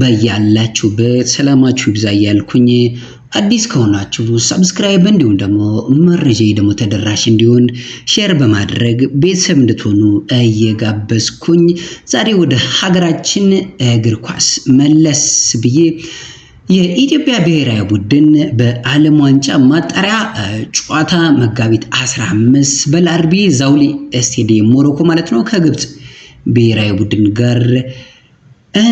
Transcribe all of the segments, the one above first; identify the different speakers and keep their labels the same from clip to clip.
Speaker 1: በያላችሁበት ሰላማችሁ ይብዛ እያልኩኝ አዲስ ከሆናችሁ ሰብስክራይብ እንዲሁም ደግሞ መረጃ ደግሞ ተደራሽ እንዲሆን ሼር በማድረግ ቤተሰብ እንድትሆኑ እየጋበዝኩኝ ዛሬ ወደ ሀገራችን እግር ኳስ መለስ ብዬ የኢትዮጵያ ብሔራዊ ቡድን በዓለም ዋንጫ ማጣሪያ ጨዋታ መጋቢት 15 በላርቢ ዛውሊ ስቴዲየም ሞሮኮ ማለት ነው ከግብፅ ብሔራዊ ቡድን ጋር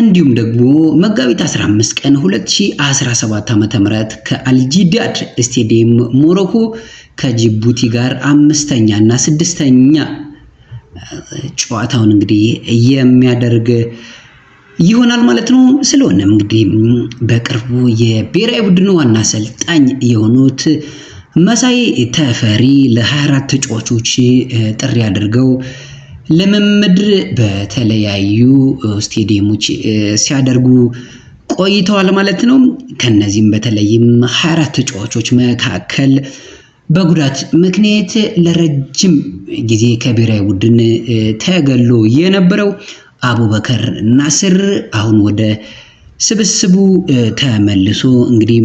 Speaker 1: እንዲሁም ደግሞ መጋቢት 15 ቀን 2017 ዓ.ም ከአልጂዳድ ስቴዲየም ሞሮኮ ከጅቡቲ ጋር አምስተኛ እና ስድስተኛ ጨዋታውን እንግዲህ የሚያደርግ ይሆናል ማለት ነው። ስለሆነም እንግዲህ በቅርቡ የብሔራዊ ቡድን ዋና አሰልጣኝ የሆኑት መሳይ ተፈሪ ለ24 ተጫዋቾች ጥሪ አድርገው ልምምድ በተለያዩ ስቴዲየሞች ሲያደርጉ ቆይተዋል ማለት ነው። ከነዚህም በተለይም 24 ተጫዋቾች መካከል በጉዳት ምክንያት ለረጅም ጊዜ ከብሔራዊ ቡድን ተገሎ የነበረው አቡበከር ናስር አሁን ወደ ስብስቡ ተመልሶ እንግዲህ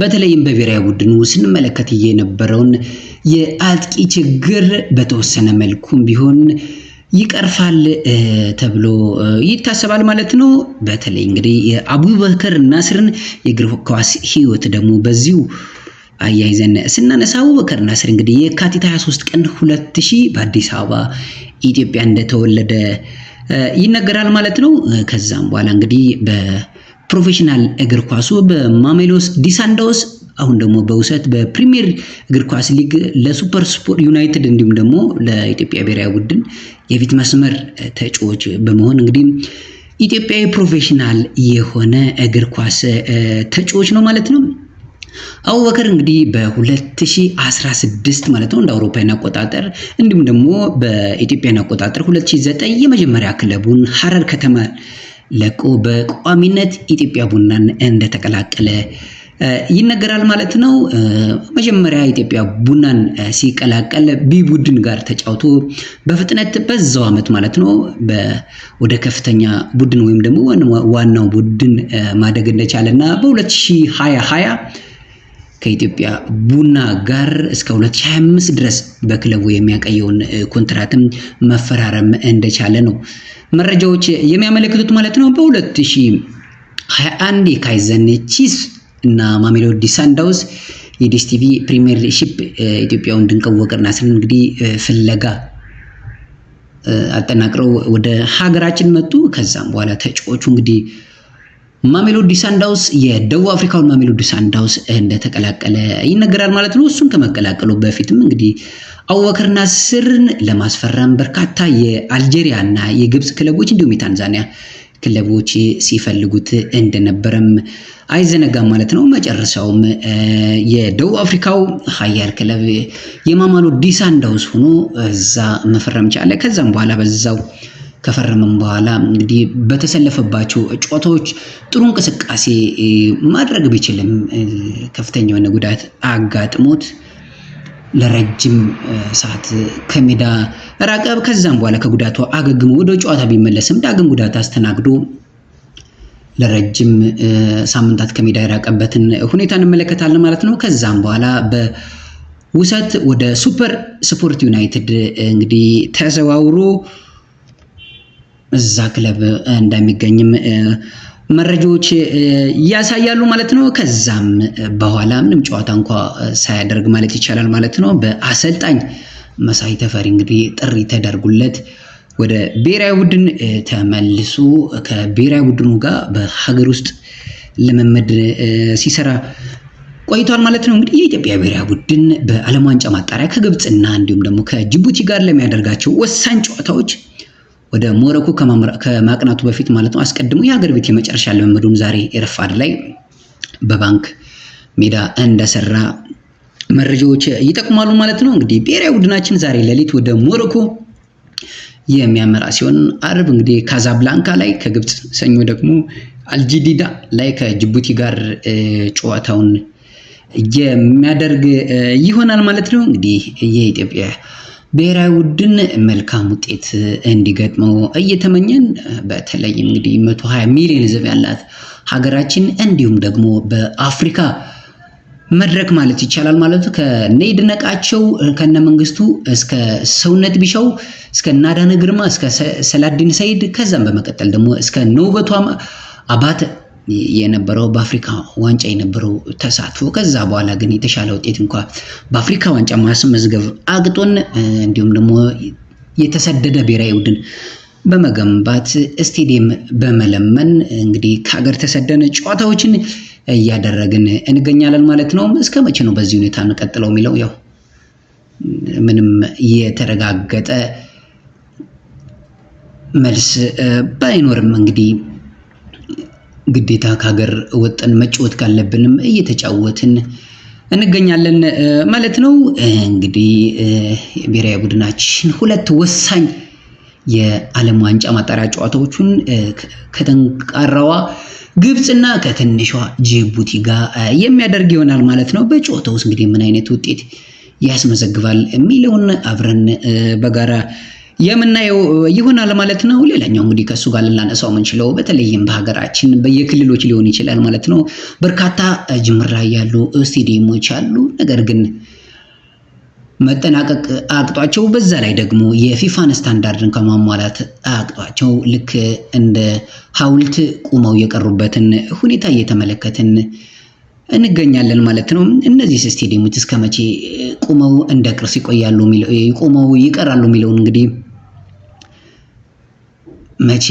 Speaker 1: በተለይም በብሔራዊ ቡድኑ ስንመለከት የነበረውን የአጥቂ ችግር በተወሰነ መልኩም ቢሆን ይቀርፋል ተብሎ ይታሰባል ማለት ነው። በተለይ እንግዲህ የአቡበከር ናስርን የእግር ኳስ ህይወት ደግሞ በዚሁ አያይዘን ስናነሳ አቡበከር ናስር እንግዲህ የካቲት 23 ቀን 2000 በአዲስ አበባ ኢትዮጵያ እንደተወለደ ይነገራል ማለት ነው። ከዛም በኋላ እንግዲህ ፕሮፌሽናል እግር ኳሱ በማሜሎስ ዲሳንዶስ አሁን ደግሞ በውሰት በፕሪሚየር እግር ኳስ ሊግ ለሱፐር ስፖርት ዩናይትድ እንዲሁም ደግሞ ለኢትዮጵያ ብሔራዊ ቡድን የፊት መስመር ተጫዋች በመሆን እንግዲህ ኢትዮጵያዊ ፕሮፌሽናል የሆነ እግር ኳስ ተጫዋች ነው ማለት ነው። አቡበከር እንግዲህ በ2016 ማለት ነው እንደ አውሮፓውያን አቆጣጠር እንዲሁም ደግሞ በኢትዮጵያን አቆጣጠር 2009 የመጀመሪያ ክለቡን ሀረር ከተማ ለቆ በቋሚነት ኢትዮጵያ ቡናን እንደተቀላቀለ ይነገራል ማለት ነው። መጀመሪያ ኢትዮጵያ ቡናን ሲቀላቀል ቢ ቡድን ጋር ተጫውቶ በፍጥነት በዛው ዓመት ማለት ነው ወደ ከፍተኛ ቡድን ወይም ደግሞ ዋናው ቡድን ማደግ እንደቻለ እና በ2020 ከኢትዮጵያ ቡና ጋር እስከ 2025 ድረስ በክለቡ የሚያቀየውን ኮንትራትም መፈራረም እንደቻለ ነው መረጃዎች የሚያመለክቱት ማለት ነው። በ2021 የካይዘን ቺስ እና ማሜሎዲ ሳንዳውስ የዲስቲቪ ፕሪሚየር ሺፕ ኢትዮጵያውን ድንቀው ወቅርና ስን እንግዲህ ፍለጋ አጠናቅረው ወደ ሀገራችን መጡ። ከዛም በኋላ ተጫዋቹ እንግዲህ ማሜሎዲ ሳንዳውስ የደቡብ አፍሪካውን ማሜሎዲ ሳንዳውስ እንደተቀላቀለ ይነገራል ማለት ነው። እሱን ከመቀላቀሉ በፊትም እንግዲህ አቡበከር ናስርን ለማስፈረም በርካታ የአልጄሪያ እና የግብፅ ክለቦች እንዲሁም የታንዛኒያ ክለቦች ሲፈልጉት እንደነበረም አይዘነጋም ማለት ነው። መጨረሻውም የደቡብ አፍሪካው ሀያል ክለብ የማሜሎዲ ሳንዳውንስ ሆኖ እዛ መፈረም ቻለ። ከዛም በኋላ በዛው ከፈረመም በኋላ እንግዲህ በተሰለፈባቸው ጨዋታዎች ጥሩ እንቅስቃሴ ማድረግ ቢችልም ከፍተኛ የሆነ ጉዳት አጋጥሞት ለረጅም ሰዓት ከሜዳ ራቀብ ከዛም በኋላ ከጉዳቱ አገግሞ ወደ ጨዋታ ቢመለስም ዳግም ጉዳት አስተናግዶ ለረጅም ሳምንታት ከሜዳ የራቀበትን ሁኔታ እንመለከታለን ማለት ነው። ከዛም በኋላ በውሰት ወደ ሱፐር ስፖርት ዩናይትድ እንግዲህ ተዘዋውሮ እዛ ክለብ እንደሚገኝም መረጃዎች ያሳያሉ ማለት ነው። ከዛም በኋላ ምንም ጨዋታ እንኳ ሳያደርግ ማለት ይቻላል ማለት ነው በአሰልጣኝ መሳይ ተፈሪ እንግዲህ ጥሪ ተደርጉለት ወደ ብሔራዊ ቡድን ተመልሶ ከብሔራዊ ቡድኑ ጋር በሀገር ውስጥ ልምምድ ሲሰራ ቆይቷል ማለት ነው። እንግዲህ የኢትዮጵያ ብሔራዊ ቡድን በዓለም ዋንጫ ማጣሪያ ከግብፅና እንዲሁም ደግሞ ከጅቡቲ ጋር ለሚያደርጋቸው ወሳኝ ጨዋታዎች ወደ ሞሮኮ ከማቅናቱ በፊት ማለት ነው አስቀድሞ የሀገር ቤት የመጨረሻ ልምምዱን ዛሬ ረፋድ ላይ በባንክ ሜዳ እንደሰራ መረጃዎች ይጠቁማሉ ማለት ነው። እንግዲህ ብሔራዊ ቡድናችን ዛሬ ሌሊት ወደ ሞሮኮ የሚያመራ ሲሆን አርብ እንግዲህ ካዛብላንካ ላይ ከግብፅ፣ ሰኞ ደግሞ አልጂዲዳ ላይ ከጅቡቲ ጋር ጨዋታውን የሚያደርግ ይሆናል ማለት ነው። እንግዲህ የኢትዮጵያ ብሔራዊ ቡድን መልካም ውጤት እንዲገጥመው እየተመኘን በተለይ እንግዲህ 120 ሚሊዮን ሕዝብ ያላት ሀገራችን እንዲሁም ደግሞ በአፍሪካ መድረክ ማለት ይቻላል ማለቱ ከነ ይድነቃቸው ከነ መንግስቱ እስከ ሰውነት ቢሻው እስከ ናዳነ ግርማ እስከ ሰላዲን ሰይድ ከዛም በመቀጠል ደግሞ እስከ ነውበቷ አባት የነበረው በአፍሪካ ዋንጫ የነበረው ተሳትፎ ከዛ በኋላ ግን የተሻለ ውጤት እንኳ በአፍሪካ ዋንጫ ማስመዝገብ አግጦን እንዲሁም ደግሞ የተሰደደ ብሔራዊ ቡድን በመገንባት ስቴዲየም በመለመን እንግዲህ ከሀገር ተሰደን ጨዋታዎችን እያደረግን እንገኛለን ማለት ነው። እስከ መቼ ነው በዚህ ሁኔታ እንቀጥለው የሚለው ያው ምንም የተረጋገጠ መልስ ባይኖርም እንግዲህ ግዴታ ከሀገር ወጠን መጫወት ካለብንም እየተጫወትን እንገኛለን ማለት ነው። እንግዲህ ብሔራዊ ቡድናችን ሁለት ወሳኝ የዓለም ዋንጫ ማጣሪያ ጨዋታዎቹን ከጠንካራዋ ግብፅና ከትንሿ ጅቡቲ ጋር የሚያደርግ ይሆናል ማለት ነው። በጨዋታ ውስጥ እንግዲህ ምን አይነት ውጤት ያስመዘግባል የሚለውን አብረን በጋራ የምናየው ይሆናል ማለት ነው። ሌላኛው እንግዲህ ከእሱ ጋር ልናነሳው የምንችለው በተለይም በሀገራችን በየክልሎች ሊሆን ይችላል ማለት ነው። በርካታ ጅምራ ያሉ ስቴዲየሞች አሉ፣ ነገር ግን መጠናቀቅ አቅጧቸው፣ በዛ ላይ ደግሞ የፊፋን ስታንዳርድን ከማሟላት አቅጧቸው ልክ እንደ ሀውልት ቁመው የቀሩበትን ሁኔታ እየተመለከትን እንገኛለን ማለት ነው። እነዚህ ስቴዲየሞች እስከ መቼ ቁመው እንደ ቅርስ ይቆያሉ ቁመው ይቀራሉ የሚለውን እንግዲህ መቼ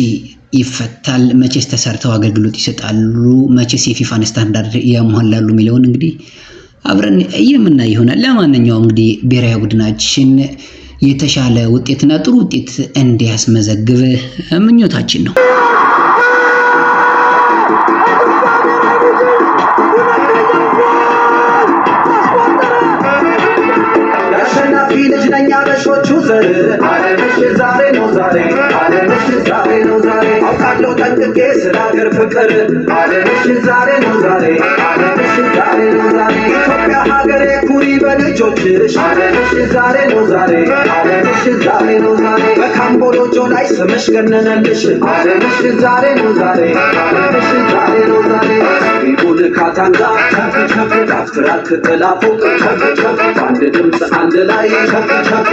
Speaker 1: ይፈታል? መቼስ ተሰርተው አገልግሎት ይሰጣሉ? መቼስ የፊፋን ስታንዳርድ ያሟላሉ የሚለውን እንግዲህ አብረን የምናይ ይሆናል። ለማንኛውም እንግዲህ ብሔራዊ ቡድናችን የተሻለ ውጤትና ጥሩ ውጤት እንዲያስመዘግብ ምኞታችን ነው። የኛ በሾቹ ዘር አለምሽ ዛሬ ነው ዛሬ አለምሽ ዛሬ ነው ዛሬ አውቃለሁ ጠንቅቄ ስለ ሀገር ፍቅር አለምሽ ዛሬ ነው ዛሬ አለምሽ ዛሬ ነው ዛሬ ኢትዮጵያ ሀገሬ ኩሪ በልጆችሽ አለምሽ ዛሬ ነው ዛሬ አለምሽ ዛሬ ነው ዛሬ በካምቦሎጆ ላይ ስምሽ ገነነልሽ አለምሽ ዛሬ ነው ዛሬ አለምሽ ዛሬ ነው ዛሬ ካታንጋ ቸፍ ቸፍ ዳፍትራት ተላፎ ቸፍ ቸፍ አንድ ድምፅ አንድ ላይ ቸፍ ቸፍ